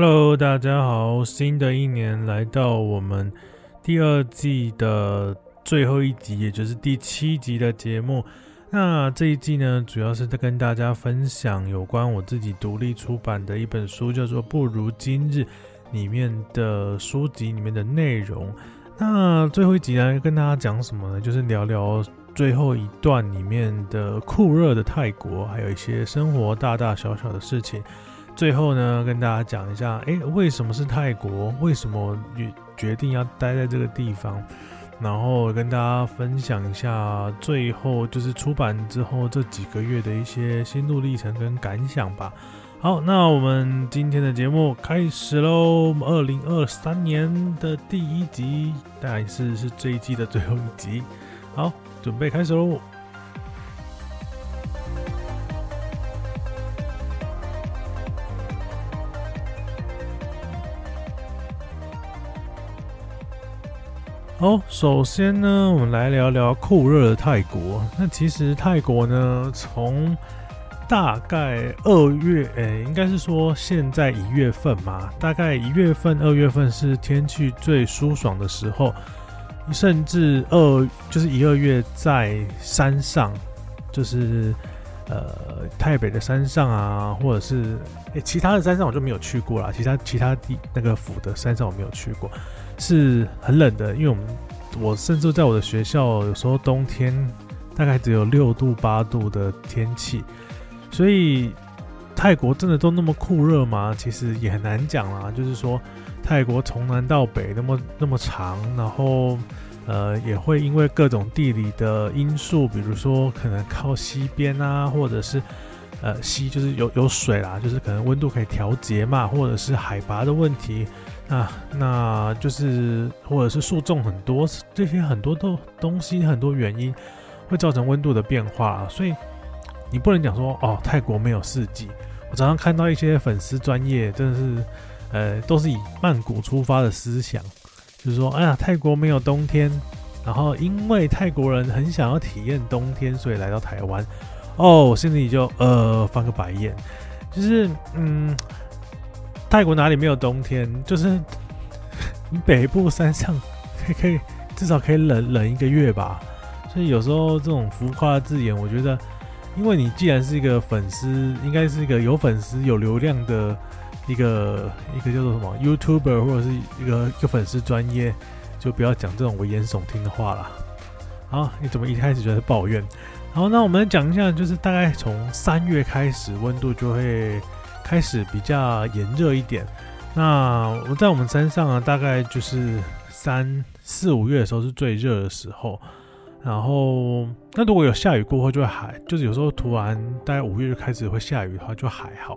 Hello，大家好！新的一年來到，我們第二季的最後一集，也就是第七集的節目。那這一季呢，主要是跟大家分享有關我自己獨立出版的一本書，叫做《不如今日》裡面的書籍裡面的內容。那最後一集呢，跟大家講什麼呢？就是聊聊最後一段裡面的酷熱的泰國，還有一些生活大大小小的事情。最後呢，跟大家講一下，哎、欸，為什麼是泰國？為什麼也決定要待在這個地方？然後跟大家分享一下，最後就是出版之後這幾個月的一些心路歷程跟感想吧。好，那我們今天的節目開始嘍，我們二零二三年的第一集，但是是這一季的最後一集。好，準備開始嘍。好、哦，首先呢，我們來聊聊酷熱的泰國。那其實泰國呢，從大概二月，誒、欸，應該是說現在一月份嘛，大概一月份、二月份是天氣最舒爽的時候，甚至二就是一、二月在山上，就是呃，泰北的山上啊，或者是誒、欸，其他的山上我就沒有去過啦。其他其他地那個府的山上我沒有去過。是很冷的，因為我們，我甚至在我的學校，有時候冬天大概只有六度八度的天氣，所以泰國真的都那麼酷熱嗎？其實也很難講啦。就是說泰國從南到北那麼那麼長，然後呃也會因為各種地理的因素，比如說可能靠西邊啊，或者是。呃，溪，就是有有水啦，就是可能溫度可以調節嘛，或者是海拔的問題啊，那就是或者是樹種很多，這些很多都東西很多原因會造成溫度的變化，所以你不能講說哦，泰國沒有四季。我常常看到一些粉絲專業真的是，呃，都是以曼谷出發的思想，就是說，哎呀，泰國沒有冬天，然後因為泰國人很想要體驗冬天，所以來到台灣。哦，現在你就呃翻個白眼，就是嗯，泰國哪裡沒有冬天？就是你北部山上可以,可以至少可以冷冷一個月吧。所以有時候這種浮誇字眼，我覺得，因為你既然是一個粉絲，應該是一個有粉絲、有流量的一個一個叫做什麼 YouTuber，或者是一個一個粉絲專業，就不要講這種危言聳聽的話了。啊，你怎麼一開始就在抱怨？好，那我們講一下，就是大概從三月開始，溫度就會開始比較炎熱一點。那我在我們山上啊，大概就是三四五月的時候是最熱的時候。然後，那如果有下雨過後就會還就是有時候突然大概五月就開始會下雨的話就還好，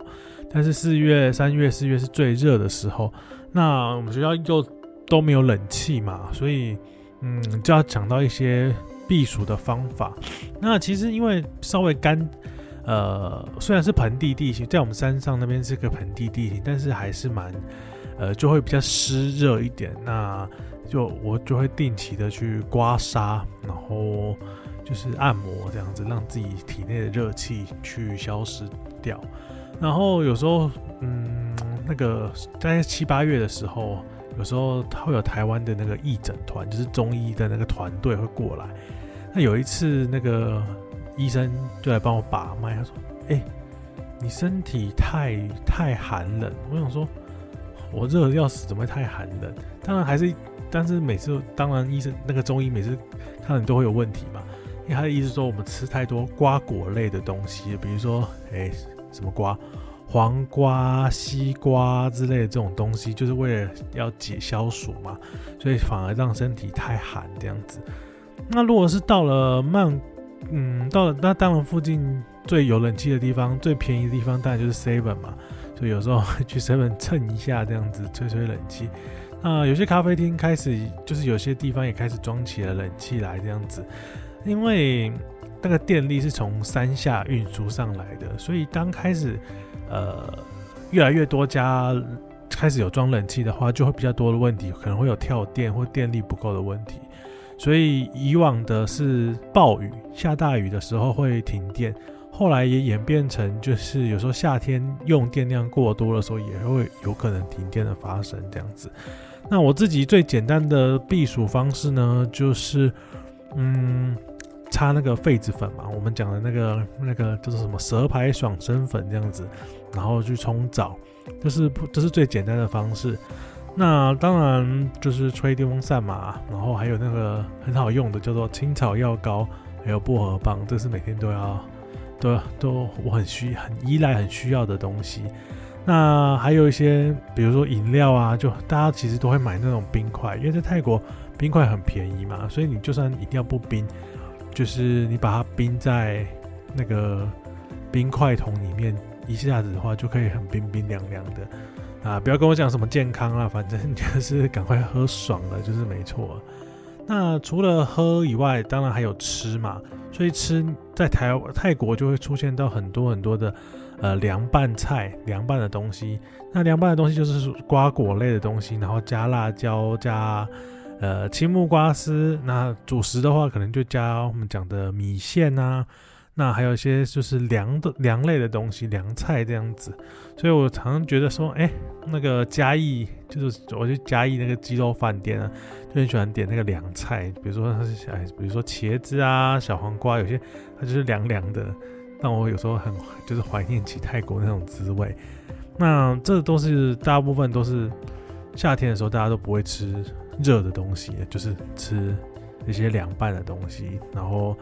但是四月、三月、四月是最熱的時候。那我們學校就都沒有冷氣嘛，所以嗯就要講到一些。避暑的方法，那其實因為稍微乾，呃，雖然是盆地地形，在我們山上那邊是個盆地地形，但是還是蠻，呃，就會比較濕熱一點。那就我就會定期的去刮痧，然後就是按摩這樣子，讓自己體內的熱氣去消失掉。然後有時候，嗯，那個在七八月的時候，有時候會有台灣的那個義診團，就是中醫的那個團隊會過來。那有一次，那個醫生就來幫我把脈，他說：“誒、欸，你身體太太寒冷。”我想說，我熱得要死，怎麼會太寒冷？當然還是，但是每次當然醫生那個中醫每次看到你都會有問題嘛。因為他的意思是說，我們吃太多瓜果類的東西，比如說誒、欸，什麼瓜、黃瓜、西瓜之類的這種東西，就是為了要解消暑嘛，所以反而讓身體太寒這樣子。那如果是到了曼，嗯，到了那大門附近最有冷氣的地方，最便宜的地方，當然就是 Seven 嘛。所以有時候去 Seven 蹭一下，這樣子吹吹冷氣。那有些咖啡廳開始就是有些地方也開始裝起了冷氣來，這樣子。因為那個電力是從山下運輸上來的，所以剛開始，呃，越來越多家開始有裝冷氣的話，就會比較多的問題，可能會有跳電或電力不夠的問題。所以以往的是暴雨、下大雨的時候會停電，後來也演變成就是有時候夏天用電量過多的時候也會有可能停電的發生這樣子。那我自己最簡單的避暑方式呢，就是嗯，擦那個痱子粉嘛，我們講的那個那個就是什麼蛇牌爽身粉這樣子，然後去沖澡，就是這、就是最簡單的方式。那當然就是吹電風扇嘛，然後還有那個很好用的叫做青草藥膏，還有薄荷棒，這是每天都要、都、都我很需、很依賴、很需要的東西。那還有一些，比如說飲料啊，就大家其實都會買那種冰塊，因為在泰國冰塊很便宜嘛，所以你就算一定要不冰，就是你把它冰在那個冰塊桶裡面，一下子的話就可以很冰冰涼涼的。啊，不要跟我講什麼健康啦，啊，反正就是趕快喝爽了，就是沒錯啊。那除了喝以外，當然還有吃嘛，所以吃在台泰國就會出現到很多很多的呃涼拌菜、涼拌的東西。那涼拌的東西就是瓜果類的東西，然後加辣椒、加呃青木瓜絲。那主食的話，可能就加我們講的米線啊。那還有一些就是涼的涼類的東西，涼菜這樣子，所以我常常覺得說，哎，那個嘉義就是我去嘉義那個雞肉飯店啊，就很喜歡點那個涼菜，比如說哎，比如說茄子啊、小黃瓜，有些它就是涼涼的，但我有時候很就是懷念起泰國那種滋味。那這都是，就是大部分都是夏天的時候，大家都不會吃熱的東西，就是吃一些涼拌的東西，然後。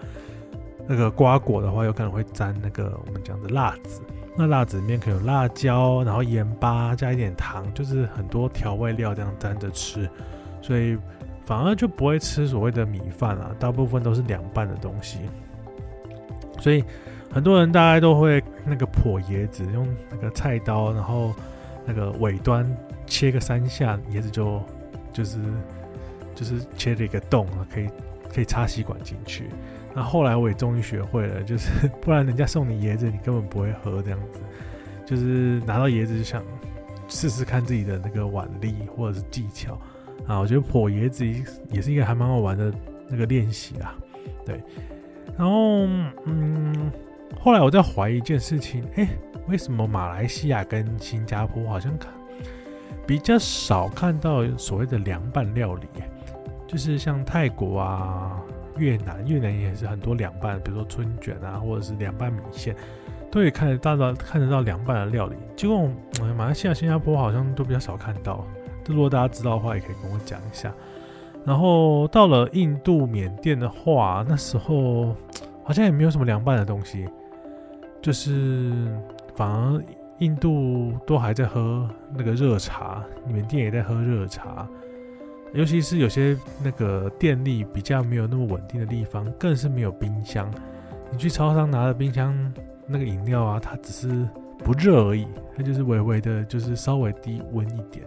那個瓜果的話，有可能會沾那個我們講的辣子。那辣子裡面可能有辣椒，然後鹽巴加一點糖，就是很多調味料這樣沾着吃，所以反而就不會吃所謂的米飯啊。大部分都是涼拌的東西，所以很多人大概都會那個剖椰子，用那個菜刀，然後那個尾端切個三下，椰子就就是就是切了一個洞，可以可以插吸管進去。啊、後來我也終於學會了，就是不然人家送你椰子，你根本不會喝這樣子，就是拿到椰子就想試試看自己的那個腕力或者是技巧啊。我覺得剖椰子也是一個還蠻好玩的那個練習啊。對，然後嗯，後來我在懷疑一件事情，誒、欸、為什麼馬來西亞跟新加坡好像比較少看到所謂的涼拌料理，欸，就是像泰國啊。越南，越南也是很多涼拌，比如說春捲啊，或者是涼拌米線，都可以看得到，看得到涼拌的料理。結果，嗯，馬來西亞、新加坡好像都比較少看到。這如果大家知道的話，也可以跟我講一下。然後到了印度、緬甸的話，那時候好像也沒有什麼涼拌的東西，就是反而印度都還在喝那個熱茶，緬甸也在喝熱茶。尤其是有些那個電力比較沒有那麼穩定的地方，更是沒有冰箱。你去超商拿的冰箱那個飲料啊，它只是不熱而已，它就是微微的，就是稍微低溫一點。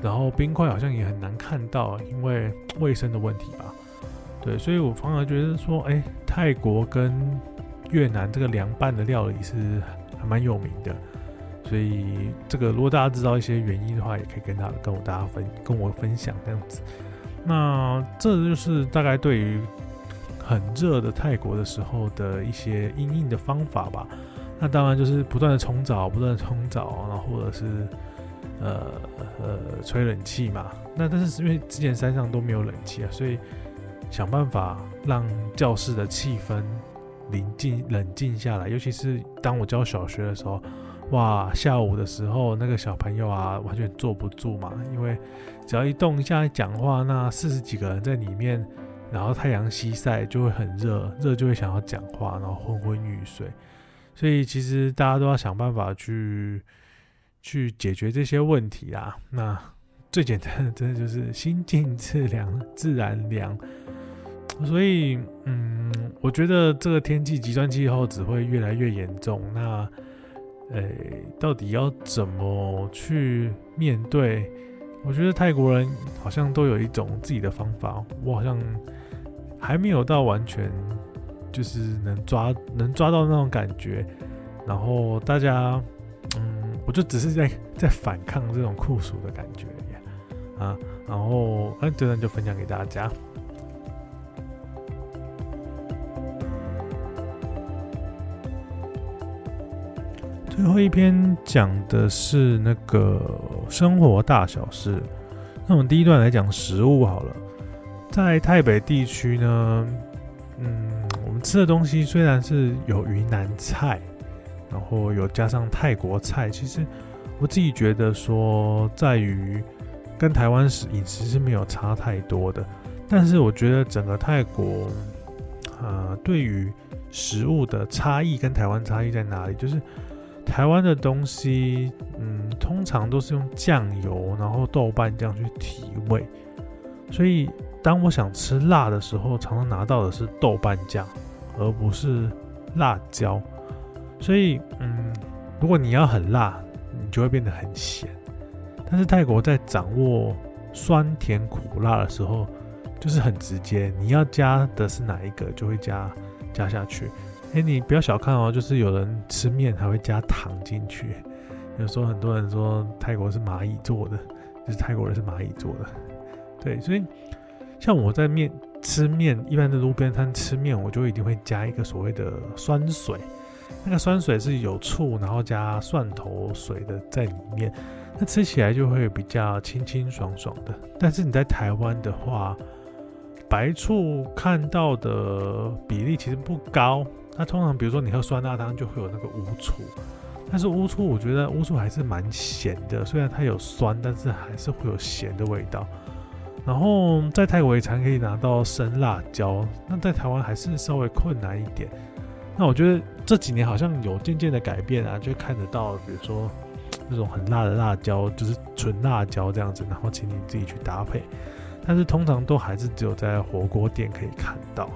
然後冰塊好像也很難看到，因為衛生的問題吧。對，所以我反而覺得說，欸，泰國跟越南這個涼拌的料理是還蠻有名的。所以，這個如果大家知道一些原因的話，也可以跟他跟我大家分跟我分享這樣子。那這就是大概對於很熱的泰國的時候的一些因應的方法吧。那當然就是不斷的沖澡，不斷的沖澡，然後或者是呃呃吹冷氣嘛。那但是因為之前山上都沒有冷氣啊，所以想辦法讓教室的氣氛臨靜冷靜下來。尤其是當我教小學的時候。哇，下午的時候那個小朋友啊，完全坐不住嘛，因為只要一動一下，一講話，那四十幾個人在裡面，然後太陽西曬就會很熱，熱就會想要講話，然後昏昏欲睡，所以其實大家都要想辦法去去解決這些問題啊。那最簡單的真的就是心靜自涼，自然涼。所以，嗯，我覺得這個天氣極端氣候只會越來越嚴重。那。哎，到底要怎麼去面對？我覺得泰國人好像都有一種自己的方法，我好像還沒有到完全，就是能抓能抓到那種感覺。然後大家，嗯，我就只是在在反抗這種酷暑的感覺啊，然後，哎、嗯，對，這段就分享給大家。最後一篇講的是那個生活大小事。那我們第一段來講食物好了，在泰北地區呢，嗯，我們吃的東西雖然是有雲南菜，然後有加上泰國菜，其實我自己覺得說，在於跟台灣飲食是沒有差太多的。但是我覺得整個泰國，呃，對於食物的差異跟台灣差異在哪裡，就是。台灣的東西，嗯，通常都是用醬油，然後豆瓣醬去提味。所以，當我想吃辣的時候，常常拿到的是豆瓣醬，而不是辣椒。所以，嗯，如果你要很辣，你就會變得很鹹。但是泰國在掌握酸甜苦辣的時候，就是很直接，你要加的是哪一個，就會加加下去。哎，你不要小看哦，就是有人吃麵還會加糖進去。有時候很多人說泰國是螞蟻做的，就是泰國人是螞蟻做的。對，所以像我在麵吃麵，一般在路邊攤吃麵，我就一定會加一個所謂的酸水。那個酸水是有醋，然後加蒜頭水的在裡面，那吃起來就會比較清清爽爽的。但是你在台灣的話，白醋看到的比例其實不高。那通常，比如說你喝酸辣湯，就會有那個烏醋。但是烏醋，我覺得烏醋還是蠻鹹的，雖然它有酸，但是還是會有鹹的味道。然後在泰國也常可以拿到生辣椒，那在台灣還是稍微困難一點。那我覺得這幾年好像有漸漸的改變啊，就看得到，比如說那種很辣的辣椒，就是純辣椒這樣子，然後請你自己去搭配。但是通常都還是只有在火鍋店可以看到。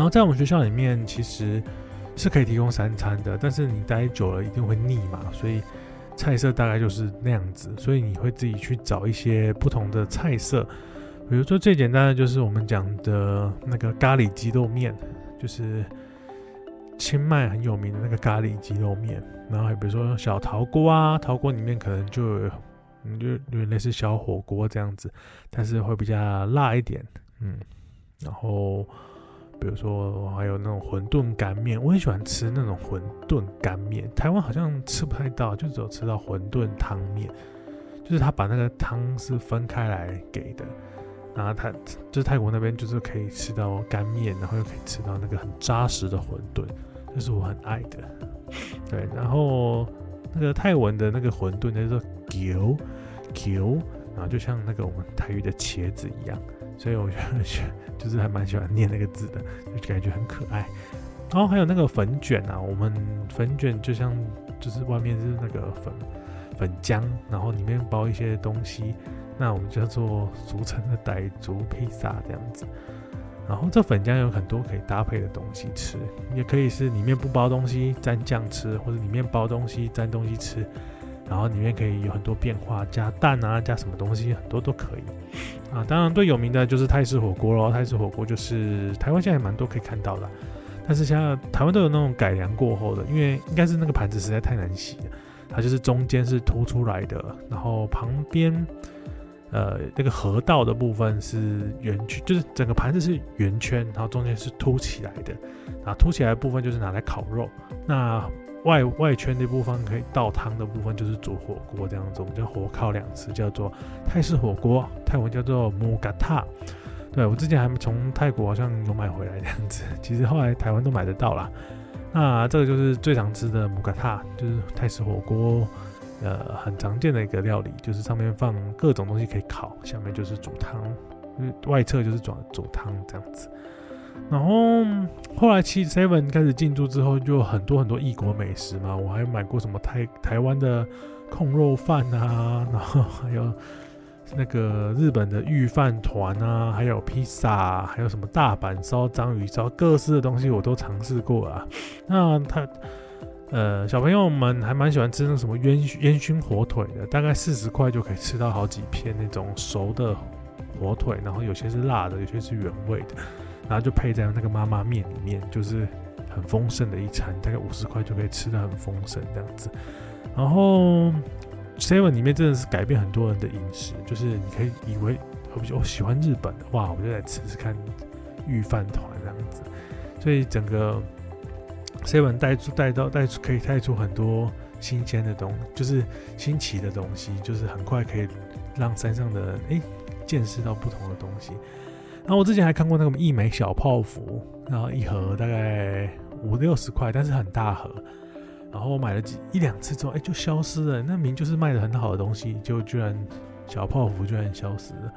然後在我們學校裡面，其實是可以提供三餐的，但是你待久了，一定會膩嘛，所以菜色大概就是那樣子，所以你會自己去找一些不同的菜色，比如說最簡單的就是我們講的那個咖喱雞肉麵，就是清邁很有名的那個咖喱雞肉麵，然後比如說小陶鍋啊，陶鍋裡面可能就有類似小火鍋這樣子，但是會比較辣一點，嗯，然後。比如說，還有那種餛飩乾麵，我很喜歡吃那種餛飩乾麵。台灣好像吃不太到，就只有吃到餛飩湯麵，就是他把那個湯是分開來給的。然後他就是泰國那邊，就是可以吃到乾麵，然後又可以吃到那個很扎實的餛飩，這、就是我很愛的。對，然後那個泰文的那個餛飩，它叫做“球球”，然後就像那個我們台語的茄子一樣。所以我覺得喜就是還蠻喜歡念那個字的，就感覺很可愛。然後還有那個粉捲啊，我們粉捲就像就是外面是那個粉粉漿，然後裡面包一些東西，那我們叫做俗稱的傣族披薩這樣子。然後這粉漿有很多可以搭配的東西吃，也可以是裡面不包東西沾醬吃，或者裡面包東西沾東西吃。然後裡面可以有很多變化，加蛋啊，加什麼東西，很多都可以啊。當然，最有名的就是泰式火鍋咯。泰式火鍋就是台灣現在蠻多可以看到的，但是像台灣都有那種改良過後的，因為應該是那個盤子實在太難洗了，它就是中間是凸出來的，然後旁邊呃那個河道的部分是圓圈，就是整個盤子是圓圈，然後中間是凸起來的，啊。凸起來的部分就是拿來烤肉。那外外圈的部分可以倒湯的部分就是煮火鍋這樣子，我們就火烤兩次，叫做泰式火鍋，泰文叫做 mugata。對，我之前還從泰國好像有買回來這樣子，其實後來台灣都買得到啦。那這個就是最常吃的 mugata，就是泰式火鍋，呃，很常見的一個料理，就是上面放各種東西可以烤，下面就是煮湯，就是，外側就是煮煮湯這樣子。然後後來七 seven 開始進駐之後，就有很多很多異國美食嘛。我還買過什麼台台灣的控肉飯啊，然後還有那個日本的御飯糰啊，還有披薩啊，還有什麼大阪燒、章魚燒，各式的東西我都嘗試過啊。那他呃，小朋友們還蠻喜歡吃那種什麼煙燻煙燻火腿的，大概四十塊就可以吃到好幾片那種熟的火腿，然後有些是辣的，有些是原味的。然後就配在那個媽媽麵裡面，就是很豐盛的一餐，大概五十塊就可以吃得很豐盛這樣子。然後 seven 裡面真的是改變很多人的飲食，就是你可以以為我、哦、喜歡日本的話，我就來吃吃看御飯糰這樣子。所以整個 seven 帶出帶到帶出可以帶出很多新鮮的東西，就是新奇的東西，就是很快可以讓山上的人哎見識到不同的東西。那我之前還看過那個一枚小泡芙，然後一盒，大概五六十塊，但是很大盒。然後我買了幾一兩次之後，哎，就消失了。那明明就是賣得很好的東西，結果居然小泡芙居然消失了。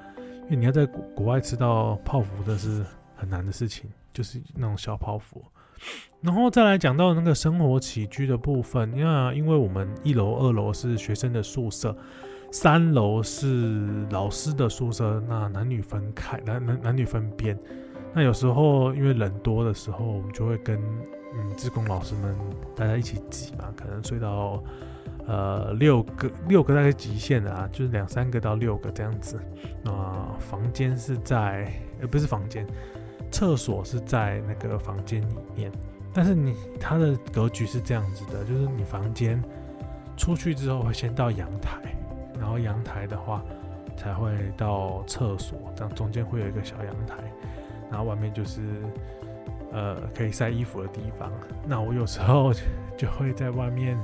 因為你要在國國外吃到泡芙的是很難的事情，就是那種小泡芙。然後再來講到那個生活起居的部分，因為因為我們一樓二樓是學生的宿舍。三樓是老師的宿舍，那男女分開，男男男女分邊，那有時候因為人多的時候，我們就會跟，嗯，志工老師們大家一起擠嘛，可能睡到呃六個六個大概極限的啊，就是兩三個到六個這樣子。啊，房間是在呃、欸、不是房間，廁所是在那個房間裡面，但是你它的格局是這樣子的，就是你房間出去之後會先到陽台。然後陽台的話，才會到廁所，這樣中間會有一個小陽台，然後外面就是，呃，可以曬衣服的地方。那我有時候就，就會在外面，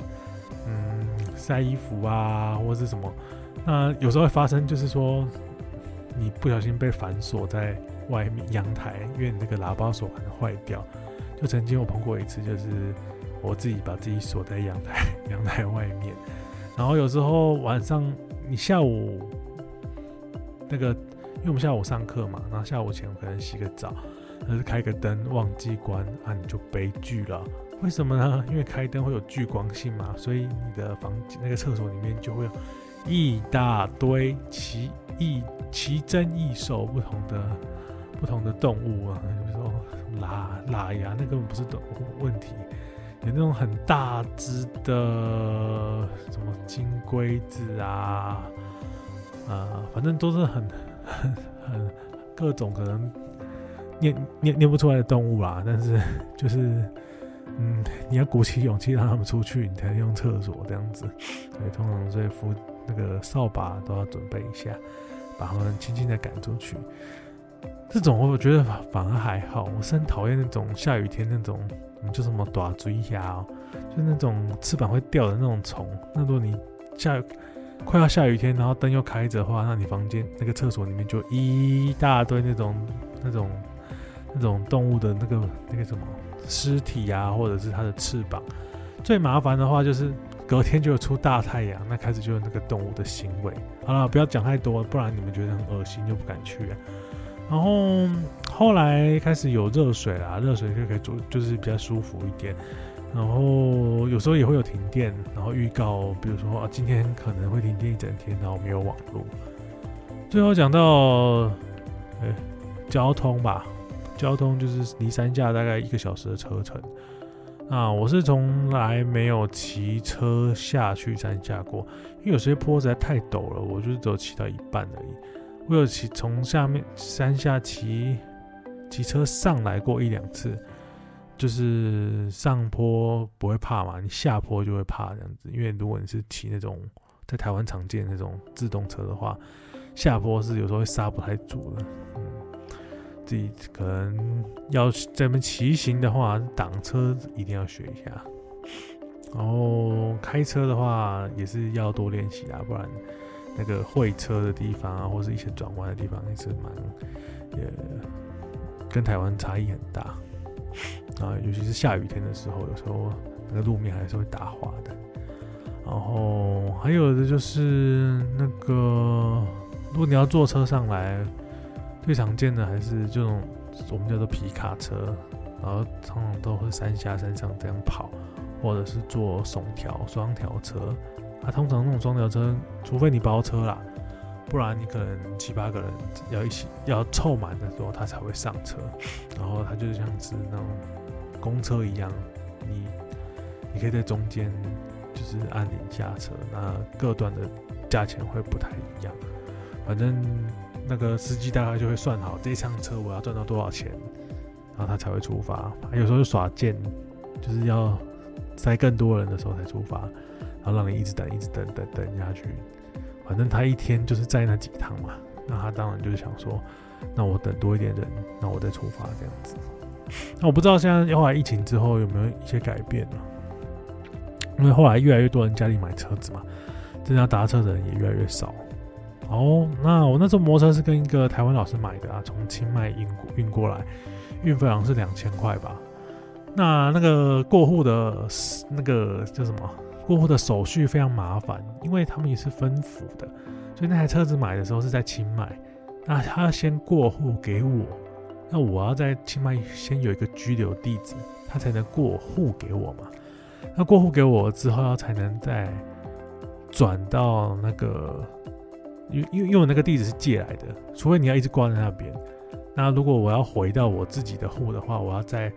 嗯，曬衣服啊，或是什麼。那有時候會發生，就是說你不小心被反鎖在外面陽台，因為你那個喇叭鎖可能壞掉。就曾經我碰過一次，就是我自己把自己鎖在陽台，陽台外面。然後有時候晚上，你下午那個，因為我們下午上課嘛，然後下午前我可能洗個澡，還是開個燈忘記關，啊，你就悲劇了。為什麼呢？因為開燈會有聚光性嘛，所以你的房間那個廁所裡面就會有一大堆奇異奇珍異獸，不同的不同的動物啊，比如說拉拉呀，那根本不是的問題。有那種很大只的什麼金龜子啊，啊，反正都是很很很各種可能念念念不出來的動物啦。但是就是，嗯，你要鼓起勇氣讓他們出去，你才能用廁所這樣子。所以通常這些扶那個掃把都要準備一下，把他們輕輕的趕出去。這種我覺得反而還好，我是很討厭那種下雨天那種。我們就什麼大水蟻，就那種翅膀會掉的那種蟲。那如果你下快要下雨天，然後燈又開着的話，那你房間那個廁所裡面就一大堆那種那種那種動物的那個那個什麼屍體呀、啊，或者是它的翅膀。最麻煩的話就是隔天就有出大太陽，那開始就有那個動物的行為。好了，不要講太多，不然你們覺得很噁心就不敢去、啊。然後後來開始有熱水啦，熱水就可以煮，就是比較舒服一點。然後有時候也會有停電，然後預告，比如說啊，今天可能會停電一整天，然後沒有網絡。最後講到，欸，交通吧，交通就是離山下大概一個小時的車程。啊，我是從來沒有騎車下去山下過，因為有些坡實在太陡了，我就是只有騎到一半而已。我有騎從下面山下騎騎車上來過一兩次，就是上坡不會怕嘛，你下坡就會怕這樣子。因為如果你是騎那種在台灣常見那種自動車的話，下坡是有時候會剎不太住的。嗯，自己可能要在這邊騎行的話，擋車一定要學一下。然後開車的話也是要多練習啊，不然。那個會車的地方啊，或是一些轉彎的地方也是蠻，也跟台灣差異很大啊。尤其是下雨天的時候，有時候那個路面還是會打滑的。然後還有的就是那個，如果你要坐車上來，最常見的還是這種我們叫做皮卡車，然後常常都會山下山上這樣跑，或者是坐雙條雙條車。啊、通常那種雙條車，除非你包車啦，不然你可能七八個人要一起要湊滿的時候，他才會上車。然後他就像是那種公車一樣，你你可以在中間就是按鈴下車。那各段的價錢會不太一樣，反正那個司機大概就會算好這一趟車我要賺到多少錢，然後他才會出發。有時候就耍賤，就是要塞更多人的時候才出發。然後讓你一直等，一直等等等下去，反正他一天就是在那幾趟嘛，那他當然就是想說，那我等多一點人，那我再出發這樣子。那我不知道現在後來疫情之後有沒有一些改變啊？因為後來越來越多人家裡買車子嘛，這樣搭車的人也越來越少。哦，那我那時候摩托車是跟一個台灣老師買的啊從，從清邁運運過來，運費好像是兩千塊吧。那那個過戶的，那個叫什麼？過戶的手續非常麻煩，因為他們也是分府的，所以那台車子買的時候是在清邁，那他先過戶給我，那我要在清邁先有一個居留地址，他才能過戶給我嘛。那過戶給我之後，要才能再轉到那個，因因因為，因為我那個地址是借來的，除非你要一直掛在那邊。那如果我要回到我自己的戶的話，我要在。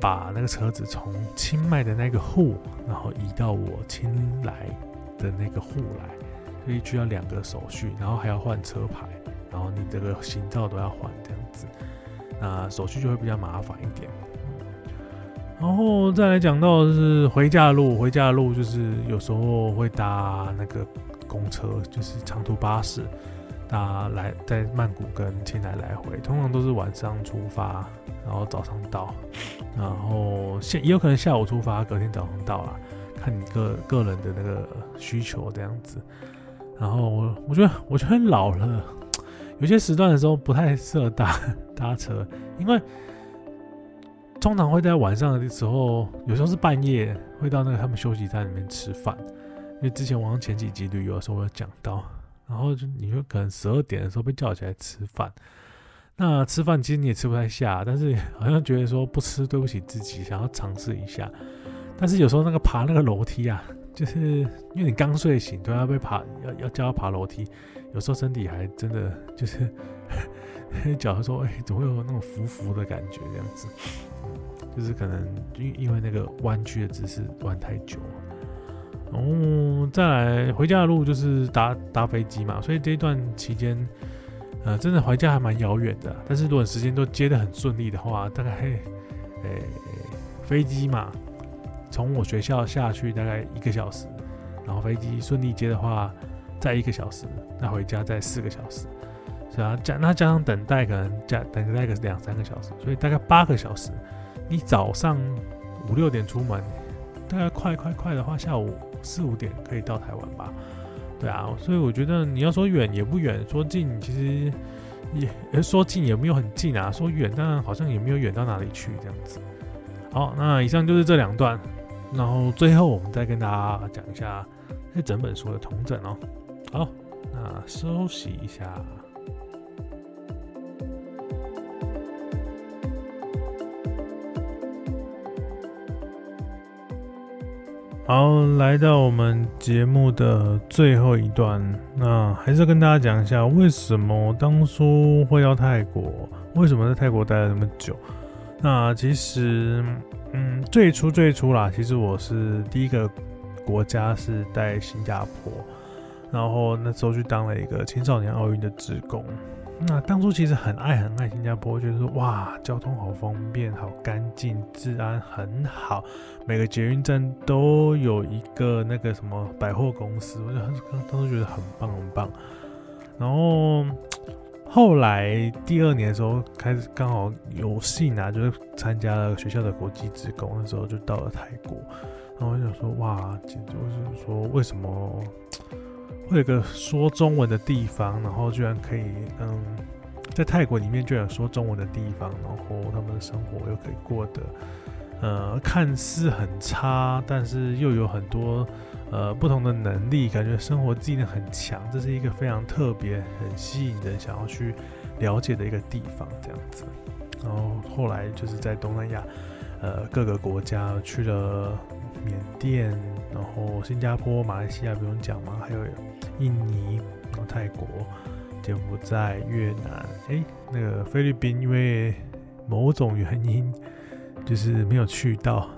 把那個車子從清邁的那個戶，然後移到我清萊的那個戶來，所以需要兩個手續，然後還要換車牌，然後你這個行照都要換這樣子，那手續就會比較麻煩一點。然後再來講到的是回家的路，回家的路就是有時候會搭那個公車，就是長途巴士搭來在曼谷跟清萊來回，通常都是晚上出發。然後早上到，然後也有可能下午出發，隔天早上到了，看你個個人的那個需求這樣子。然後我我覺得我覺得很老了，有些時段的時候不太適合搭搭車，因為通常會在晚上的時候，有時候是半夜會到那個他們休息站裡面吃飯，因為之前往前幾集旅遊的時候我有講到，然後就你會可能十二點的時候被叫起來吃飯。那吃飯其實你也吃不太下，但是好像覺得說不吃對不起自己，想要嘗試一下。但是有時候那個爬那個樓梯啊，就是因為你剛睡醒，都要被爬，要要叫他爬樓梯，有時候身體還真的就是腳會說哎，總、欸、會有那種浮浮的感覺這樣子，嗯、就是可能因因為那個彎曲的姿勢彎太久。後、哦、再來回家的路就是搭搭飛機嘛，所以這一段期間。呃，真的回家還蠻遙遠的，但是如果時間都接得很順利的話，大概，欸欸、飛機嘛，從我學校下去大概一個小時，然後飛機順利接的話，再一個小時，那回家再四個小時，是啊，加那加上等待可能加等待個兩三個小時，所以大概八個小時，你早上五六點出門，大概快快快的話，下午四五點可以到台灣吧。對啊，所以我覺得你要說遠也不遠，說近其實也說近也沒有很近啊，說遠但好像也沒有遠到哪裡去這樣子。好，那以上就是這兩段，然後最後我們再跟大家講一下這整本書的統整哦。好，那休息一下。好，來到我們節目的最後一段，那還是要跟大家講一下，為什麼當初會到泰國，為什麼在泰國待了那麼久？那其實，嗯，最初最初啦，其實我是第一個國家是待新加坡，然後那時候去當了一個青少年奧運的志工。那、嗯啊、當初其實很愛很愛新加坡，就是說哇，交通好方便，好乾淨，治安很好，每個捷運站都有一個那個什麼百貨公司，我就很當時覺得很棒很棒。然後後來第二年的時候，開始剛好有幸啊，就是參加了學校的國際職工，那時候就到了泰國。然後我想說，哇，簡直我就是說為什麼？會有一個說中文的地方，然後居然可以，嗯，在泰國裡面居然有說中文的地方，然後他們的生活又可以過得，呃，看似很差，但是又有很多呃不同的能力，感覺生活技能很強，這是一個非常特別、很吸引人想要去了解的一個地方，這樣子。然後後來就是在東南亞，呃，各個國家去了緬甸。然後新加坡、馬來西亞不用講嘛，還有印尼，然後泰國，柬埔寨、越南，哎，那個菲律賓因為某種原因就是沒有去到，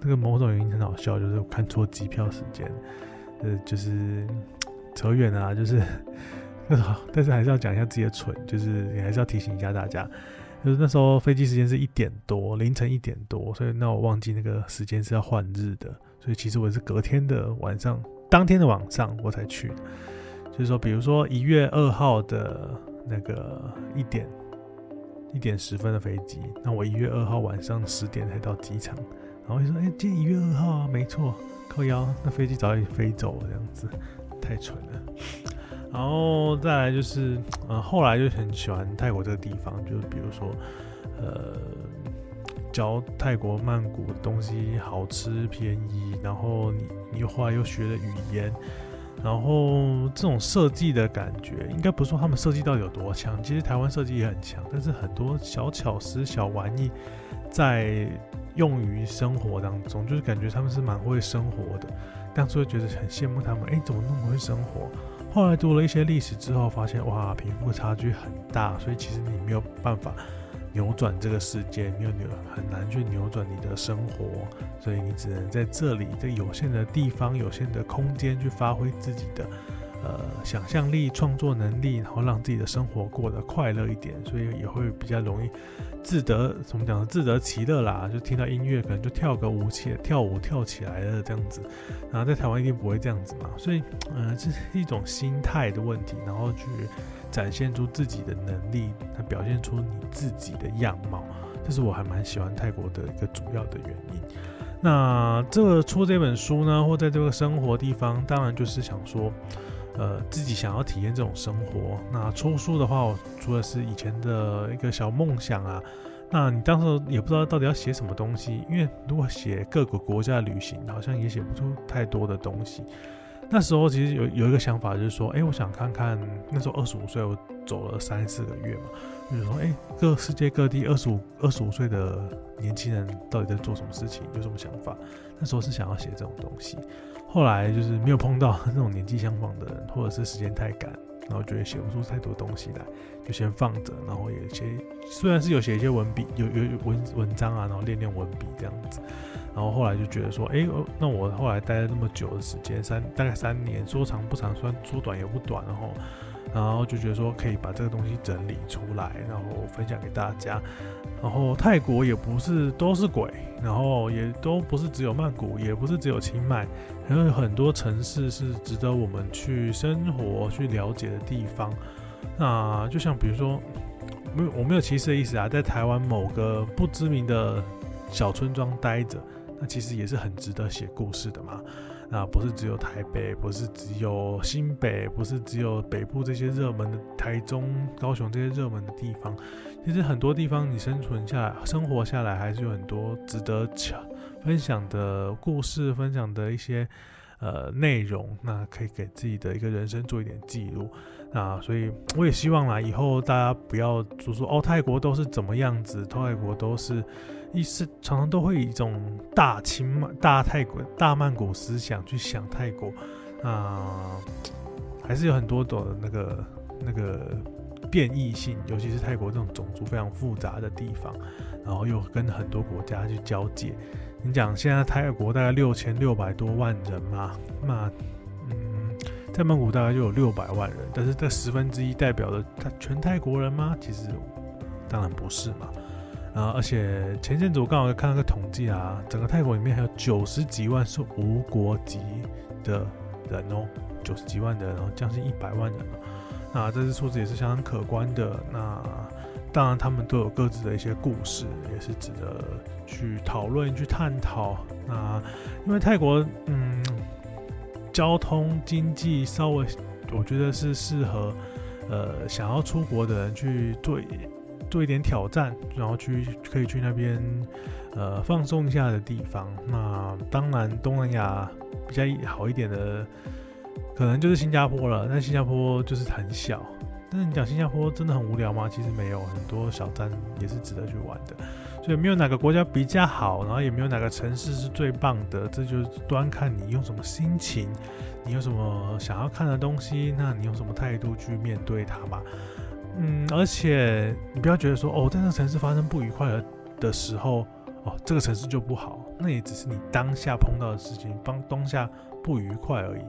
那個某種原因很好笑，就是我看錯機票時間，呃，就是扯遠啊，就是那時候，但是還是要講一下自己的蠢，就是也還是要提醒一下大家，就是那時候飛機時間是一點多，凌晨一點多，所以那我忘記那個時間是要換日的。就其實我是隔天的晚上，當天的晚上我才去。就是說，比如說一月二號的那個一點一點十分的飛機，那我一月二號晚上十點才到機場。然後就說：“哎，今天一月二號啊，沒錯，靠腰，那飛機早已經飛走了，這樣子太蠢了。”然後再來就是，嗯、呃，後來就很喜歡泰國這個地方，就是比如說，呃。教泰國曼谷的東西好吃便宜，然後你你後來又學了語言，然後這種設計的感覺，應該不是說他們設計到底有多強，其實台灣設計也很強，但是很多小巧思、小玩意在用於生活當中，就是感覺他們是蠻會生活的。當初覺得很羨慕他們，誒，怎麼那麼會生活？後來讀了一些歷史之後，發現哇，貧富差距很大，所以其實你沒有辦法。扭轉這個世界，因為扭很難去扭轉你的生活，所以你只能在這裡，在有限的地方、有限的空間去發揮自己的呃想象力、創作能力，然後讓自己的生活過得快樂一點，所以也會比較容易自得怎麼講呢？自得其樂啦，就聽到音樂可能就跳個舞，起跳舞跳起來了這樣子，然後在台灣一定不會這樣子嘛，所以嗯這、呃、是一種心態的問題，然後去。展現出自己的能力，他表現出你自己的樣貌，這是我還蠻喜歡泰國的一個主要的原因。那這個出這本書呢，或者在這個生活地方，當然就是想說，呃，自己想要體驗這種生活。那出書的話，我除了是以前的一個小夢想啊，那你當時也不知道到底要寫什麼東西，因為如果寫各個國家的旅行，好像也寫不出太多的東西。那時候其實有有一個想法，就是說，欸，我想看看那時候二十五歲，我走了三四個月嘛，就是說，欸，各世界各地二十五二十五歲的年輕人到底在做什麼事情，有什麼想法？那時候是想要寫這種東西。後來就是沒有碰到那種年紀相仿的人，或者是時間太趕，然後覺得寫不出太多東西來，就先放着。然後有些雖然是有寫一些文筆，有有，有文文章啊，然後練練文筆這樣子。然後後來就覺得說，誒，那我後來待了那麼久的時間，三大概三年，說長不長，說短也不短，然後，然後就覺得說可以把這個東西整理出來，然後分享給大家。然後泰國也不是都是鬼，然後也都不是只有曼谷，也不是只有清邁，還有很多城市是值得我們去生活、去了解的地方。那，就像比如說，沒有我沒有歧視的意思啊，在台灣某個不知名的小村莊待着。那其實也是很值得寫故事的嘛。那不是只有台北，不是只有新北，不是只有北部這些熱門的，台中、高雄這些熱門的地方。其實很多地方你生存下來、生活下來，還是有很多值得分享的故事，分享的一些呃內容。那可以給自己的一個人生做一點記錄。那所以我也希望啦，以後大家不要就說哦，泰國都是怎麼樣子，泰國都是。意思常常都會以一種大清大泰國大曼谷思想去想泰國，啊，還是有很多種的那個那個變異性，尤其是泰國這種種族非常複雜的地方，然後又跟很多國家去交界。你講現在泰國大概六千六百多萬人嘛，那嗯，在曼谷大概就有六百萬人，但是這十分之一代表的他全泰國人嗎？其實當然不是嘛。啊、而且前陣子我剛好看了個統計啊，整個泰國裡面還有九十幾萬是無國籍的人哦，九十幾萬的人，哦，然後將近一百萬人，哦，那這些數字也是相當可觀的。那當然，他們都有各自的一些故事，也是值得去討論、去探討。那因為泰國，嗯，交通、經濟稍微，我覺得是適合呃想要出國的人去做，做一點挑戰，然後去可以去那邊，呃，放鬆一下的地方。那當然，東南亞比較好一點的，可能就是新加坡了。但新加坡就是很小，但是你講新加坡真的很無聊嗎？其實沒有，很多小站也是值得去玩的。所以沒有哪個國家比較好，然後也沒有哪個城市是最棒的。這就是端看你用什麼心情，你有什麼想要看的東西，那你用什麼態度去面對它吧。嗯，而且你不要覺得說哦，在那個城市發生不愉快的時候，哦，這個城市就不好，那也只是你當下碰到的事情，幫當下不愉快而已。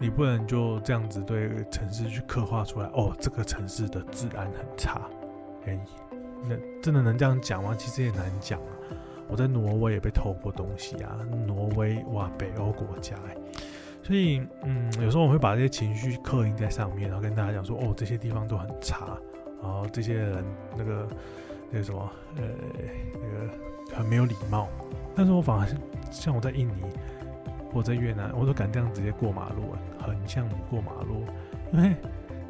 你不能就這樣子對城市去刻畫出來，哦，這個城市的治安很差。哎、嗯，那真的能這樣講嗎？其實也難講啊。我在挪威也被偷過東西啊，挪威哇，北歐國家、欸。所以，嗯，有時候我會把這些情緒刻印在上面，然後跟大家講說，哦，這些地方都很差，然後這些人那個那個什麼，呃、欸，那個很沒有禮貌。但是我反而像我在印尼，我在越南，我都敢這樣直接過馬路，很像過馬路，因為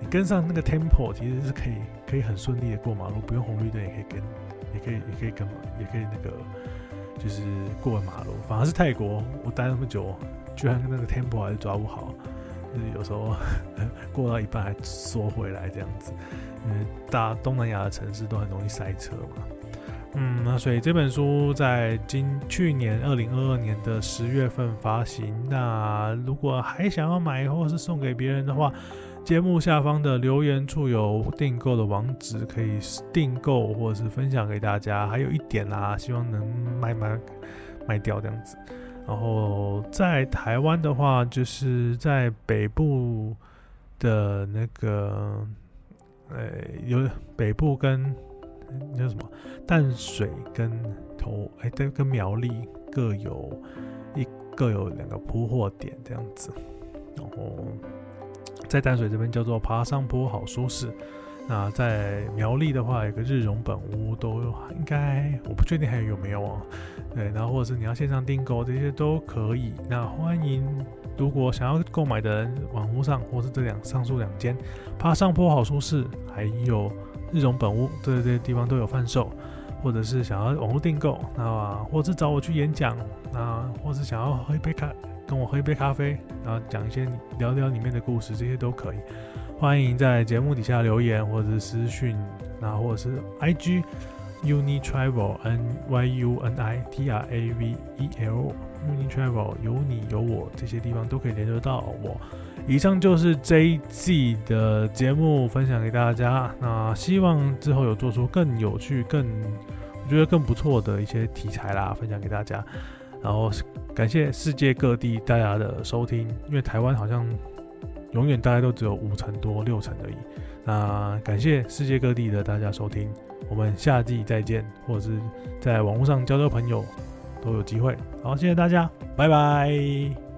你跟上那個 tempo 其實是可以可以很順利的過馬路，不用紅綠燈也可以跟，也可以也可以跟嘛，也可以那個就是過馬路。反而是泰國，我待那麼久。居然那個 Tempo 還是抓不好，就是、有時候呵呵過到一半還縮回來這樣子，因為大東南亞的城市都很容易塞車嘛。嗯，那所以這本書在今去年二零二二年的十月份發行。那如果還想要買或是送給別人的話，節目下方的留言處有訂購的網址，可以訂購或是分享給大家。還有一點啦、啊，希望能賣賣賣掉這樣子。然後在台灣的話，就是在北部的那個，呃，有北部跟那叫什麼淡水跟頭，哎，跟跟苗栗各有一各有兩個鋪貨點這樣子。然後在淡水這邊叫做爬上坡，好舒適，那在苗栗的話，有個日榮本屋都有，都應該我不確定還有沒有哦、啊？對，然後或者是你要線上訂購這些都可以。那歡迎如果想要購買的人，網絡上或是這兩上述兩間，怕上坡好舒適，還有日榮本屋，對這些地方都有販售，或者是想要網絡訂購，然後啊，或者是找我去演講，那或是想要喝一杯咖，跟我喝一杯咖啡，然後講一些聊聊裡面的故事，這些都可以。歡迎在節目底下留言，或者是私訊，那、啊、或者是 IG, VEL,、y U N、I G Uni Travel N Y U N I T R A V E L Uni Travel 有你有我這些地方都可以聯絡到我。以上就是這一季的節目分享給大家，那希望之後有做出更有趣、更我覺得更不錯的一些題材啦，分享給大家。然後感謝世界各地大家的收聽，因為台灣好像，永遠大概都只有五成多六成而已。那感謝世界各地的大家收聽，我們下季再見，或者是在網絡上交交朋友都有機會。好，謝謝大家，拜拜。